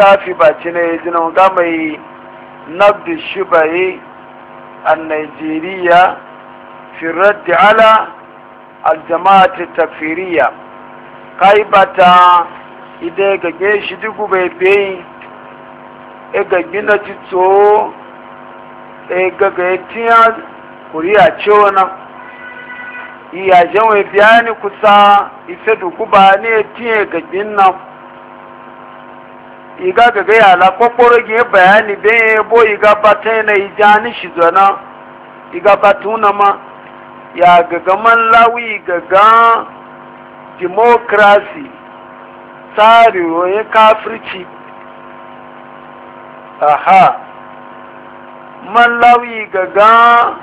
littafi ba ci na ga mai nabdi shibaye a nigeria firaddi ala aljama'ati tafiriya kai bata ide gage shi dugu bai bai e gagi na tito e gaga tiya kuriya ce wani iyajen wai biya ni kusa isa dugu ba ne tiye gagin nan iga gaga yala kokoro ge bayani be bo iga bata na ijani shizana iga batu na ma ya gaga man lawi gaga demokrasi tsari roye kafirci aha man lawi gaga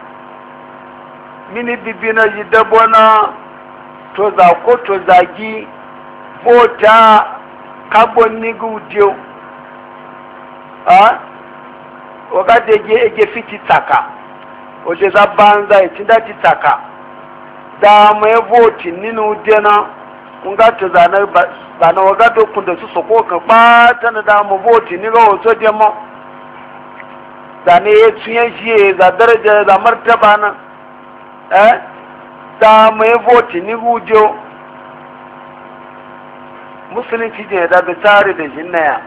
mini bibi na ji dabona to ko to zagi bota kabon nigu diyo wakati ege fiti taka ojeza banza itinda titaka dama ya voti ninu dena ngati zana bana wagato kunda su soko ka bata na dama voti ni ga wato demo zane ya tuye shi za daraja za martaba na eh dama ya voti ni gujo musulunci ne da bi tare da ya.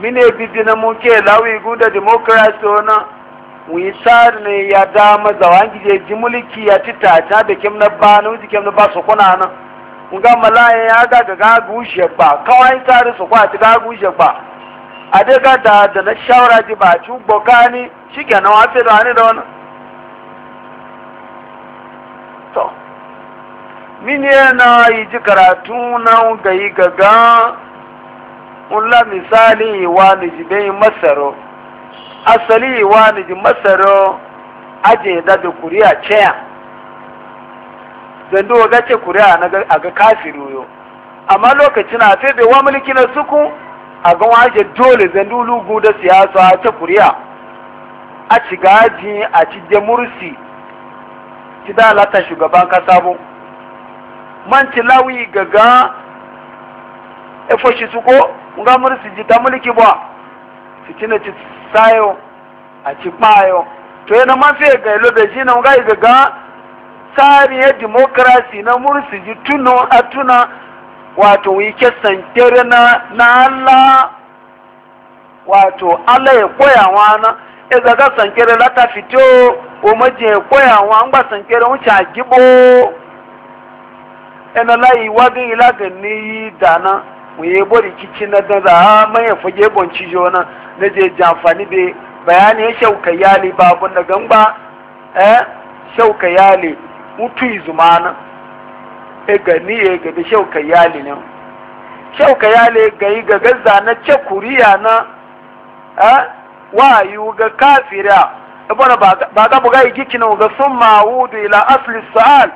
mine bibi na muke lawi guda democracy ona wi sar ne ya dama zawangi je ji mulki ya tita ta da kim na ba na wuji kim na ba su kuna na nga malaya ya ga ga ga gushe ba kawai sar su kwa ti ga gushe ba a dai ga da da na shawara ji ba ci bokani shike na wafe da ni da wani to mine na yi ji karatu na ga yi gaga ńlá misali wa nìjì bẹ́yìn masaro asali wa nìjì masaro aje da da kuriya ceya zan duwa ce kuriya a ga kafiru yo amma lokacin a fi wa mulki na suku a ga waje dole zando lugu da siyasa a ta kuriya a ci gaji a ci jamursi ci da shugaban kasa bu man ci lawi gaga efo shi suko nga muri si jita muliki bwa si cine ci sayo a ci payo to yana ma ga da na nga ga tsari ya demokrasi na muri si ji tuno a tuna wato wike santere na na Allah wato Allah ya koya wana e zaga sankere lata fito o ya koya wa ngba sankere wuce agibo ena lai wagin ilaga ni dana mu yi bori kici na dan za a ah, manyan fage bonci jona na je jamfani be bayani ya e shauka yali babun da gamba eh shauka yali mutu izumana e gani e ga da shauka yali ne shauka yali e ga yi ga gaza na ce kuriya na eh wayu ga kafira ibana e ba ga buga yi na ga summa wudu ila asli sa'al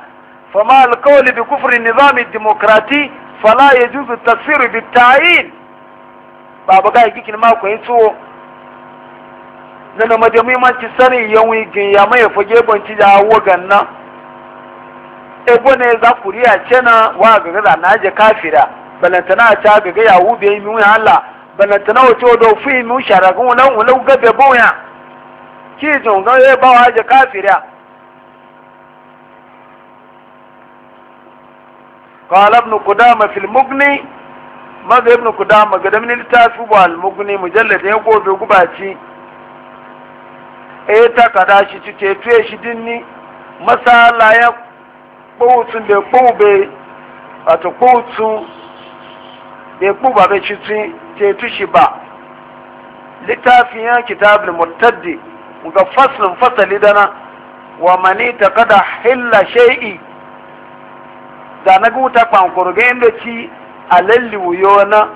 fama alkawali bi kufrin nizami demokrati fala ya juzu tafsir bi ta'yin babu ga gikin ma ko yitso na na madami man ci sani yawi gin ya mai fage ban ci da wagan nan ebo ne za kuriya cena wa ga ga na je kafira balantana ta ga ga ya wube mi wa Allah balantana wato do fi mi sharagun nan wala gabe boya ki jonga e ba wa je kafira قال ابن قدامة في المغني ماذا ابن قدامة قدم للتاسب المغني مجلد يقول بقباتي ايه تقدا شي تتوي شي دني مسالا يا قوتن ده قوبه اتو قوتن ده قوبه به شي با littafin kitabul murtaddi ga faslin fasali dana wa mani taqada hilla shay'i da na guta kwankuru ga ci a wuyo na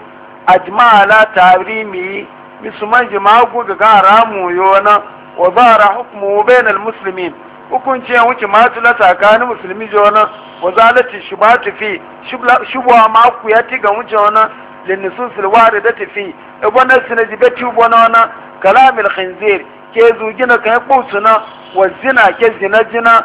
ajmala tarimi musulman jimagu ga gara muyo na wa zara hukumu na muslimin hukunci yan wuce matu la tsakanin musulmi na wa zalati shubatu fi shubwa ma ku ya ti ga wuce wana lin nususul waridati fi ibn e sinajibe tubo na wana kalamil khinzir ke zugina kan kusuna wa zina ke zina zina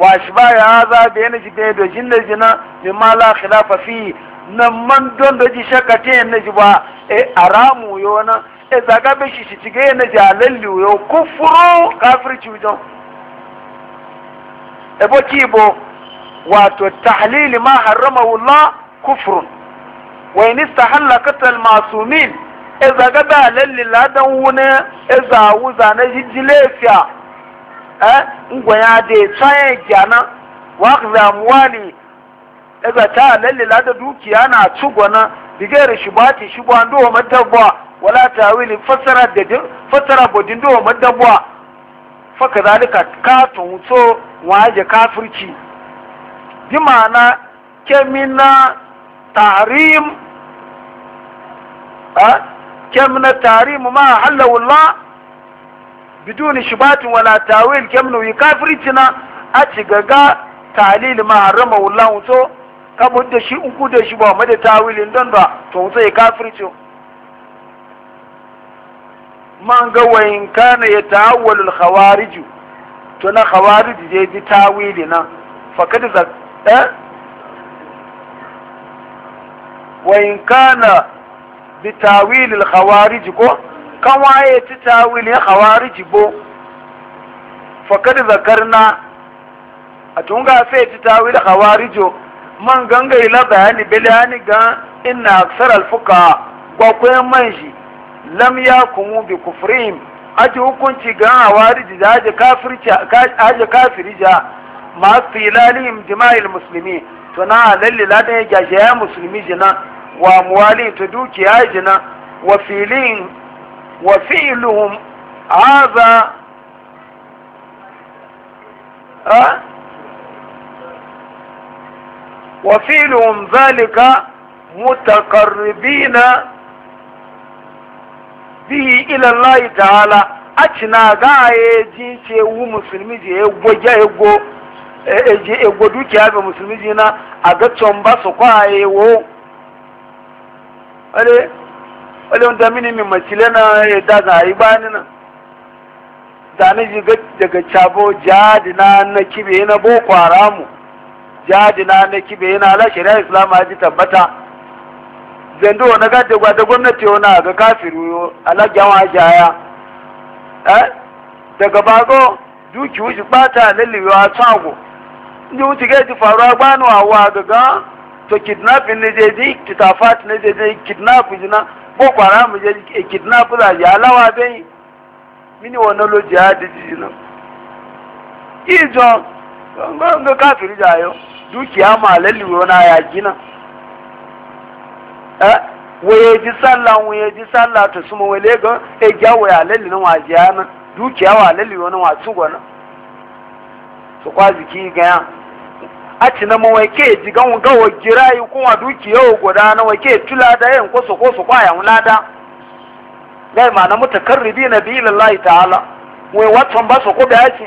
wa shi ba ya haza da yana shi da dojin da jina min ma la khilafa fi nan man don da ji shakka te yana ji ba e aramu yo na e zaga be shi shi ga yana ji alalli yo kufuru ci wujon e bo ki bo wato tahlili ma harrama Allah kufrun wa in istahalla qatl masumin e zaga da alalli ladan wuna e zawu zane ji jilefiya eh ngwanya de tsaye gyana wa zamwali daga ta lallila da dukiya na tsugwana bigayar shubati shuban do madabwa wala tawili fasara da fasara bodin do madabwa faka zalika katun so waje kafirci bi ma'ana kemina tahrim a kemina tahrim ma halawullah biduni shibatin wala tawil kemnu yi kafircina a ci gaga talil ma harama wula wuto kabun da shi uku da shi ba ma da tawilin don da to wuto ya kafirci man ga wayin kana ya ta'awwalul khawariju to na khawariju je ji tawili nan fakad za eh kana bi tawilil khawarij ko kan waye ci tawilin khawariji bo fakad zakarna a tun ga sai ci tawilin jo man ganga ila bayani bilani ga inna aksar alfuka gwakwai manji lam ya kumu bi kufrim aji hukunci ga hawariji da aji kafirija masu ilalihim jima'il musulmi to na lalle ladan ya gyashe ya musulmi jina wa muwali ta dukiya jina wa filin وفعلهم هذا وفعلهم ذلك متقربين به إلى الله تعالى أتنا غاية جنسي ومسلمي جي وجا يقو eji egwo dukiya ga musulmi jina a ga tsomba su kwaye wo wale wanda mini min macile na ya da za a yi bani na da na ji daga cabo jihadi na kibe na boko haramu jihadi na kibe na ala shari'a islam haji tabbata zandu wani gada gwada gwamnati na ga kafiru ala gyawa jaya daga bago duki wuce bata lallewa tsago ndi wuce gaji faruwa gbanu a wa gaga to kidnapping ne je ji kitafat ne je je kidnapping na boko haram je kidnap ya alawa bai mini wannan lo jihadi jina ijo ngo kafiri jayo dukiya ma lalli na e, e ya gina eh waye ji sallah nwunye ji sallah to sumo wele ga e ga waya na wa jiyana dukiya wa lalli wona wa tugona so kwa ziki a ci na mawake ji gan gawa gira yi kuma dukiya wa guda na ke tula da yin kwaso kwaso kwayan lada gai ma na ribi na biyu lallahi ta'ala wai watan ba su kuɗa yaki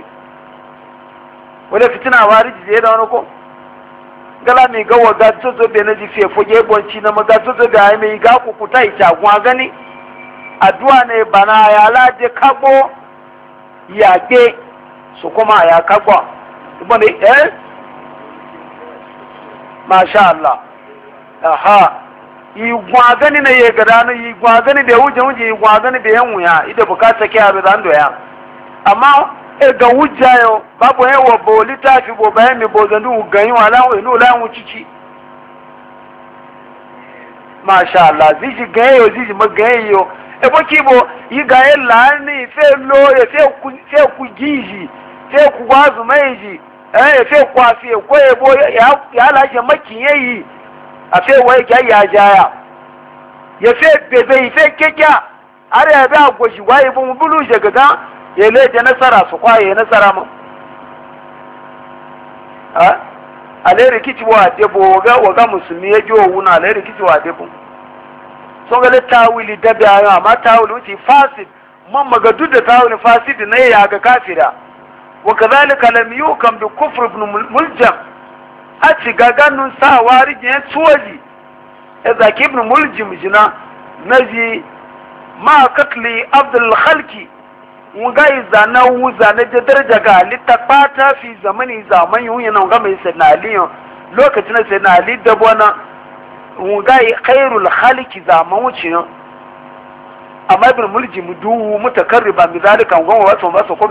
wani fitina ba riji da wani ko gala mai gawa ga zozo bai na ji fiye foge bonci na maga zozo bai ayi mai ga kukuta yi kuma gani addu'a ne bana ya laje kagbo yage su kuma ya kagbo. Ibn eh masha aha igwa na ye gada na da wuje wuje igwa da yan wuya ida bukata ke abu zan doya amma e ga wujja yo babu he wo bo litafi bo bayan mi wala wo inu la mu cici ziji yo yo e bo ki bo yi la ni fe lo fe ku fe ku eh efe kwasi ko ebo ya lashe maki yayi yi fe wɔ ga ya jaya ya fe bebe ife kekya are ya ba wa wai bun bulu je gaga ya le da nasara su kwaye nasara mu a ale rikici wa debo wa ga musulmi ya jo wuna ale rikici wa debo so ga le tawili dabi ayo amma tawili wuce fasid man magadu da tawili fasid ne ya ga kafira وكذلك لم يوكم بكفر ابن ملجم أتي غاغانو سا وارج يتوجي إذا كابن ملجم جنا نجي ما قتل عبد الخلق وغاي زانا وزانا درجة غالي تقاتا في زمن زمن يوين وغامي سيدنا علي لوكتنا سيدنا علي دبوانا وغاي خير الخلق زمن وشيو amma ابن ملجم دو mutakarriba بذلك zalika gongo wato ba su ko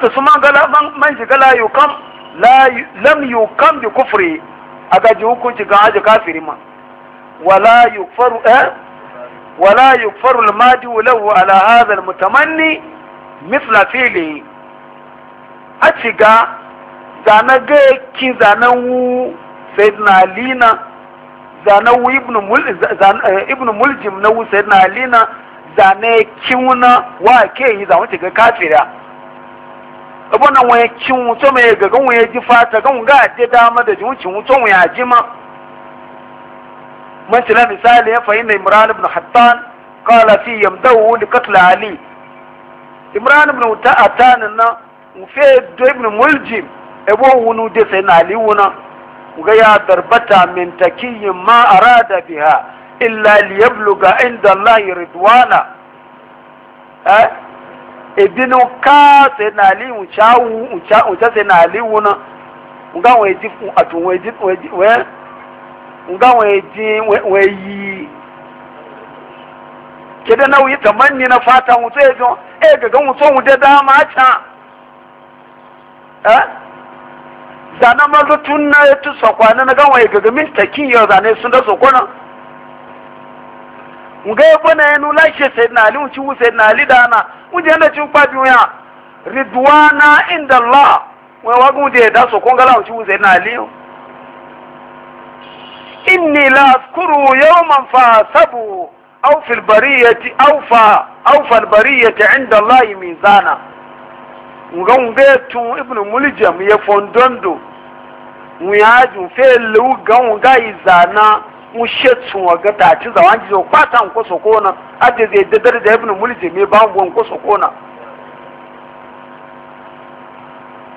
ta su man shiga la yukam kam lam yukam bi kufri a gaji hukunci ga haji kafiri ma wala yukfaru eh wala yukfaru al madi lahu ala hadha al mutamanni mithla fili a ciga zana ga ki zana wu sayyidina alina zana wu ibnu eh, muljim na wu sayyidina alina zane kiwuna wa ke yi zama ciga kafira abunan na cin ekyi mai gagan wọn ji fata gan ga ade dama da wọn kyi wọn tó wọn ma mun tila misali ya fahimta imran ibn hattan kala fi yamdawu li qatl ali imran ibn hattan na nfe do ibn muljim ebo wunu de sai na ali wuna ga ya darbata min takiyin ma arada biha illa liyabluga inda allahi ridwana eh ebinu ka sai na ali uncha uncha uncha sai na ali wuna nga wọ́n eji atun wọ́n eji wọ́n eji wọ́n nga wọ́n eji wọ́n eyi kede na wuyi tamanni na fata wuto ejo e gaga wuto wude dama acha eh zana ma lutun na etu sokwana na ga wọ́n gaga min takin yo zane sun da na. nga ebona yenu e laishe sayyidina ali unchi wu sayyidina ali dana unje nda chi ukpa biya ridwana inda allah we wagu de da so konga la unchi wu sayyidina ali inni la azkuru yawman fasabu aw fil bariyati aw fa aw fal bariyati inda allah mizana nga ngbe tun ibnu muljam ye fondondo mu ya ju fe lu ga nga izana mushe waga ta ci zawa ji zo kwata ko so kona aje zai dadar da ibn mulje me ba gon ko so kona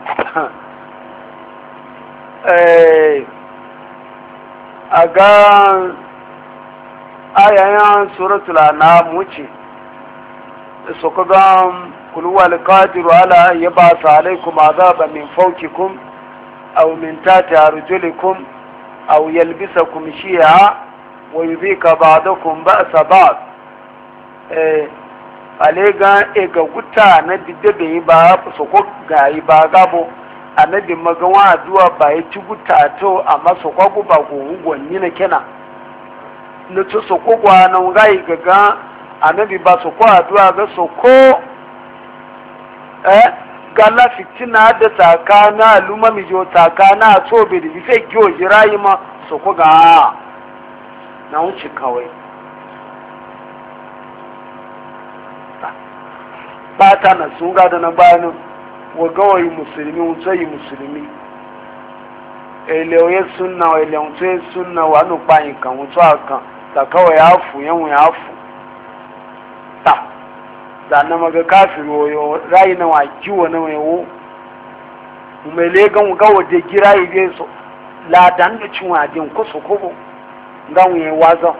eh aga ayayan suratul anam wuce so ga kul wal qadir ala yaba alaikum azaba min fawkikum aw min tati arjulikum أو يلبسكم شيعا ويذيك بعضكم بأس بعض alega ega guta na dide bai ba su ko gayi ba gabo a na di magawa aduwa ba ya ci guta to amma su ko guba gowu gwanni na kena na to su ko gwanon gayi a na bi ba su ko aduwa ga su gala fitina da tsakana lumami jo tsakana a tsobe da bife gyo jirayi ma su ku ga na wuce kawai bata na sun gada na bayanin wa gawai musulmi wutsayi musulmi eleoye sunna wa eleoye sunna wa nufayin kan wutsa kan ta kawai ya fu yan ya fu zana maga kafiro yo rayi na waki wa na wewo mai legan gawa da gira yi zai so ladan da cin wajen kusa kubo ga wuye wazo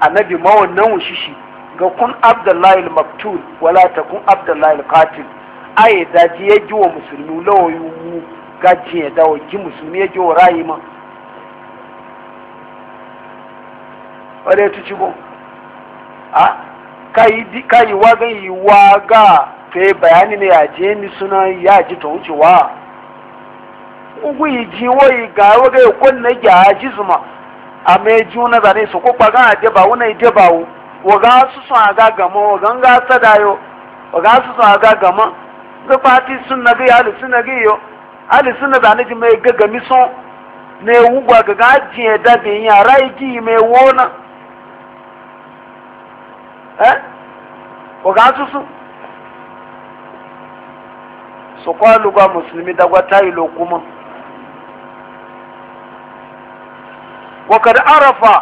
annabi mawon nan wushishi ga kun abdullahi maktul wala ta kun abdullahi katil qatil aye da ji ya ji wa musulmi lawoyi mu ga ji ya dawo ji musulmi ya ji wa rayi ma wadda ya tuci gon a kai waga yi waga fe bayani na ya je ni suna ya ji to wucewa ugu yi ji wai ga waga ya kwanna ya ji zuma a mai juna zane su ko kwa gan aje ba wuna ije ba wu waga su sun aga gama waga ga sadayo waga su sun aga gama ga fati sun na ga ali sun na ga yo ali sun na zane ji mai gagami sun ne wugwa ga gajin ya e dabe yin yara yi ji mai wona eh oga susu su kwaluga musulmi dagwa tayi lokuman وقد عرف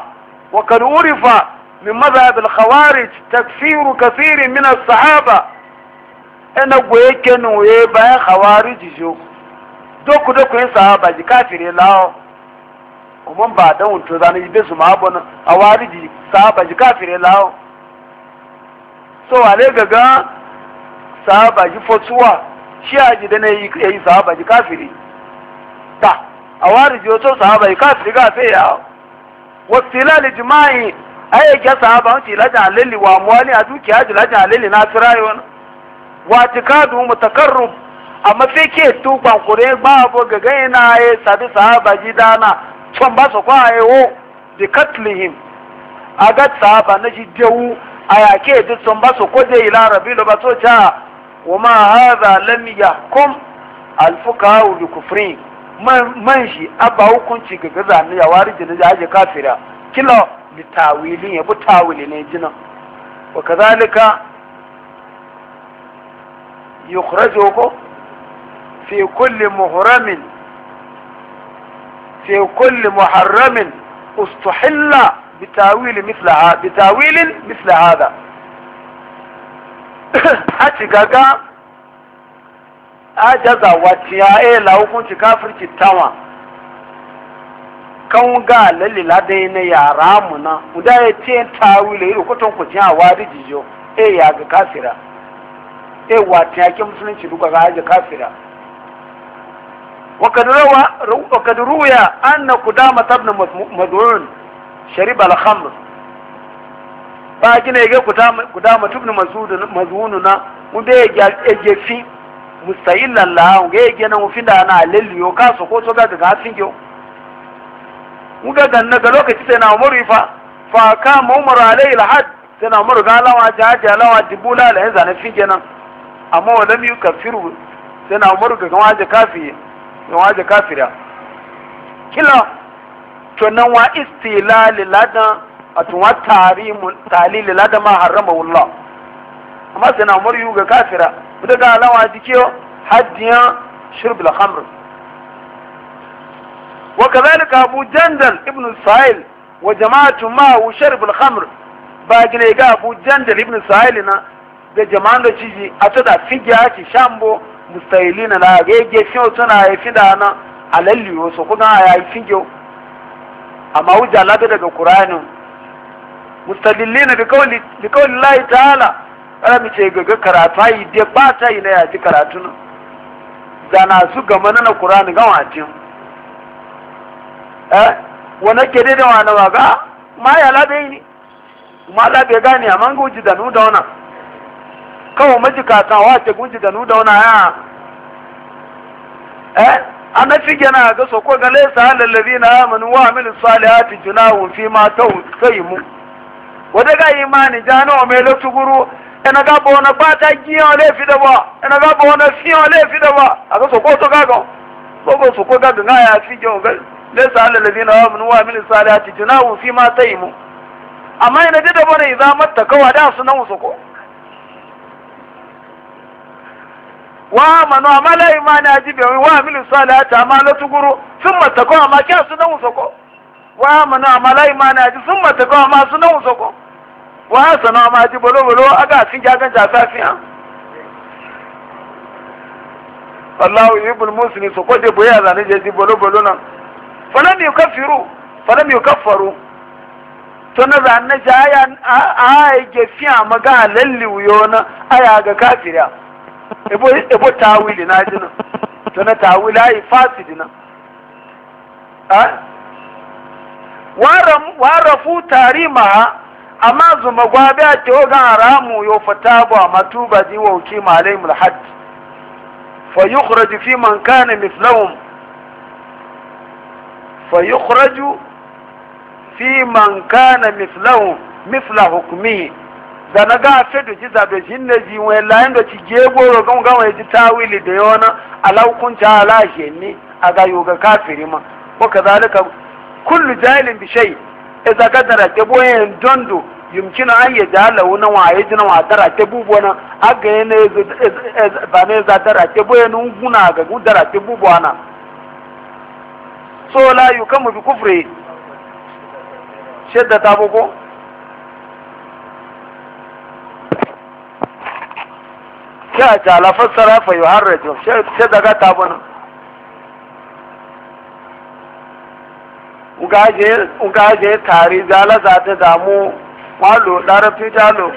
وقد عرف من مذهب الخوارج تكفير كثير من الصحابة أنا ويكن ويبا خوارج جو دوكو دوكو إن صحابة كافر لاو ومن بعدهم تزاني بسم أبونا خوارج صحابة كافر لاو so ne gaga sahaba ji fotuwa shi a ji dana yi yi sahaba ji kafiri ta a wari ji wato sahaba ji kafiri ga fe ya wasila li jima'i ai ya sahaba an ci lajan alili wa amwali a dukiya ji lajan alili na firayon wa tikadu mutakarrub amma fe ke tukwan kure babu gaga yana ya sabi sahaba ji dana tun ba su kwaye wo bi katlihim a ga sahaba na ji dewu aya yake duk sun ba su kode ila rabi lo ba to ta wa ma hadha lam yahkum al fuqaha bi kufri man shi abba hukunci ga gaza ne ya wari da da aje kafira kilo li tawili ya bu tawili ne jina wa kadhalika yukhrajuhu fi kulli muhramin fi kulli muharramin ustuhilla bitawili misla bitawilin misla hada a ci gaga a jaza ya e la hukunci kafirci tawa kan ga lalle ladai na yara mu na guda ya ce tawili irin kutun ku jiya wadi jijo e ya ga kafira e wacce ya musulunci duka ga aje kafira وقد روى وقد روي أن قدامة ابن مدعون shariba al-khamr ba gina ya guda mutum ne mazuhunu na mun bai ya fi mustayin lallaha ga ya gina mu finda na lalliyo ka so ko to ga ga hafin yau mun ga ganna ga lokaci sai na umaru fa fa ka mu umaru alai al sai na umaru ga lawa jaji lawa dibula la yanzu na fi kenan amma wala mi kafiru sai na umaru ga waje kafiri waje kafira kila to nan wa istilali ladan atun wa tarimu talili ma harrama wula. amma sai na umar yuga kafira da ga alawa dikiyo hadiya shurb al khamr wa kadhalika abu jandal ibn sa'il wa jama'atu ma wa shurb al ba gine ga abu jandal ibn sa'il na da jama'an da ciji a ta da figiya ki shambo mustahilina na ga yake fiyo tana yafi da na alalliyo so kuma ya yi figiyo amma hujja labe daga qur'anin mustadillin bi qawli bi qawli Allah ta'ala ana mi ce gaga karatu yi da ba ta yi na ya ji karatu nan zana su gama na qur'ani ga wajin eh wana ke dai da wana waga ma ya labe ni ma labe gani amma ga hujja da nu da wana kawo majikata wace ce hujja da nu da wana ya eh ana fige na ga soko ga laisa halal ladina amanu wa amilu salihati junahu fi ma tawsaymu wada ga imani jana o melo tuguru ena ga bo na bata giyo le fi da ba ena ga bo na fi le fi da ba aga soko to ga go so soko ga ga ya fi jo ga laisa halal ladina amanu wa amilu salihati junahu fi ma tawsaymu amma ina dida da bane matta mattakawa da sunan soko wa manu amala imani ajibe wa amilu ma na tuguru summa takawa ma kya sunan ko wa manu amala imani sun summa takawa ma sunan ko wa sana ma aji bolo bolo ga sun jagan jasa fiya wallahu ne su kwaje boye a zane jeji di bolo bolo nan falam yukaffiru ka faru to na zane jaya a ai ge fiya maga lalli uyo na aya ga kafira ebo ebo tawili na jina to na tawila yi fasidi na a waram warafu tarima amma zuma gwabe a ke ogan haramu yo fata bu a matuba ji wa uki malai mulhad fa yi yukhraju fi man kane mithlahum fa yi yukhraju fi man kane mithlahum mifla hukmihi da na gafe da ji zabe shi ne ji wai layin da ci je goro gan gan wai ji tawili da yona alaukun ja ala ne a ga yoga kafiri ma ko kazalika kullu jahilin bi shay idza e qadara ke boyen dondo yumkinu an ya jala wuna wa ya e jina wa dara ke bubona ga yana e ba ne za dara ke boyen nguna ga gu dara ke bubona so la yukamu bi kufri shedda ta boko sai a jala fassara fa yi har rajin sai daga tabon ugaje tari jala za ta damu malo larabci jalo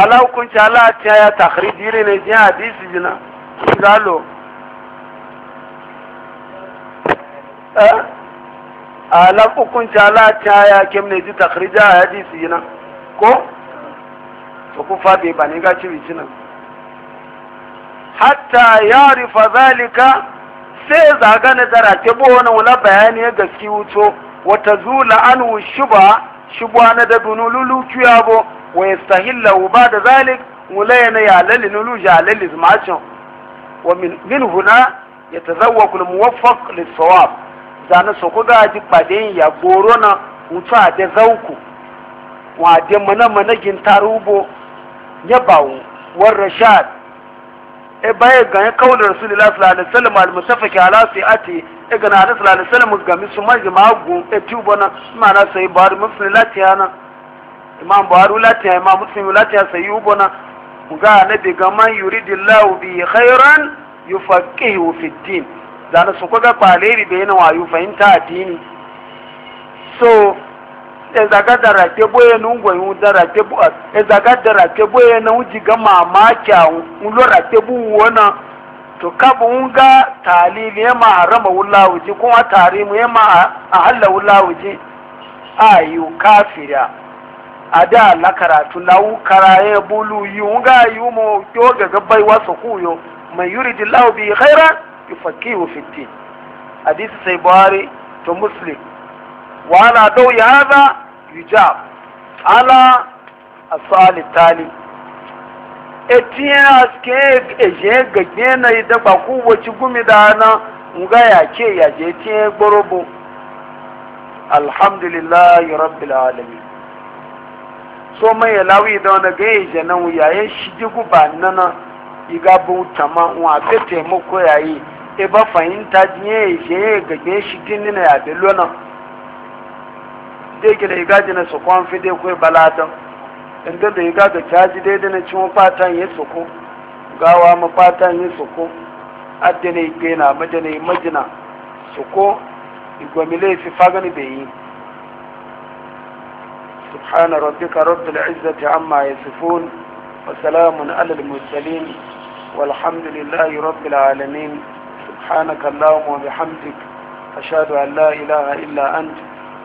ala hukunci ala ta ya takhriji ne ne jin hadisi jina jalo eh ala hukunci ala ta ya kemne ji takhrija hadisi jina ko to ku fabe ba ne ga ci bicinan hatta ya rufa zalika sai zaga na zara ta bo wani wula bayani ya gaski wuto wata zula an shuba shubwa na da dunululu kiya bo wa yastahilla ba da zalik mulaya na ya lalli nulu ya lalli zmacin wa min huna yatazawwaqu al-muwaffaq lis-sawab zana so ga ji paden ya goro na wuto a da zauku wa de mana mana gin tarubo ya bawo war rashad e baye ga kaunar rasulullahi sallallahu alaihi wasallam al musafaki ala siati e ga na sallallahu alaihi wasallam ga misu maji magu e tubo na mana sai bar muslim latiyana imam baru latiya imam muslim latiya sai yubo na ga nabi ga man yuridillahu bi khairan yufaqihu fi din dan su ko ga kwaleri bayanan wayu fahimta addini so ezaga da rake boye nu ngwe wu dara ke bu ezaga da boye na uji ga mamaki a ulo ke bu wona to kabu unga talil ya ma harama wulawuji kuma tarimu ya ma a halla ji ayu kafira ada la karatu lawu karaye bulu yunga yumo yoga ga bai wasu kuyo mai yuridu lahu bi khaira yufakihu fitin hadith hadisi sai buhari to muslim وعلى ضوء هذا يجاب على السؤال التالي etiyan aske eje gaje na idan ba ku wace gumi da na nga ya ce ya je tiyan gborobo alhamdulillah rabbil alamin so mai lawi da wani ga eje na yayin shigi guba nana iga bu tama wa fe taimako yayi e ba fahimta jiye eje gaje shigin na ya lona. dege da iga jina su kwan fi dai kai balatan inda da iga ga caji daidai na mu fatan su gawa mu fatan ya suku adda ne gena majana majina suku igwamile fi fagani bai yi سبحان ربك رب العزة عما يصفون وسلام على المرسلين والحمد لله رب العالمين سبحانك اللهم وبحمدك أشهد أن لا إله إلا أنت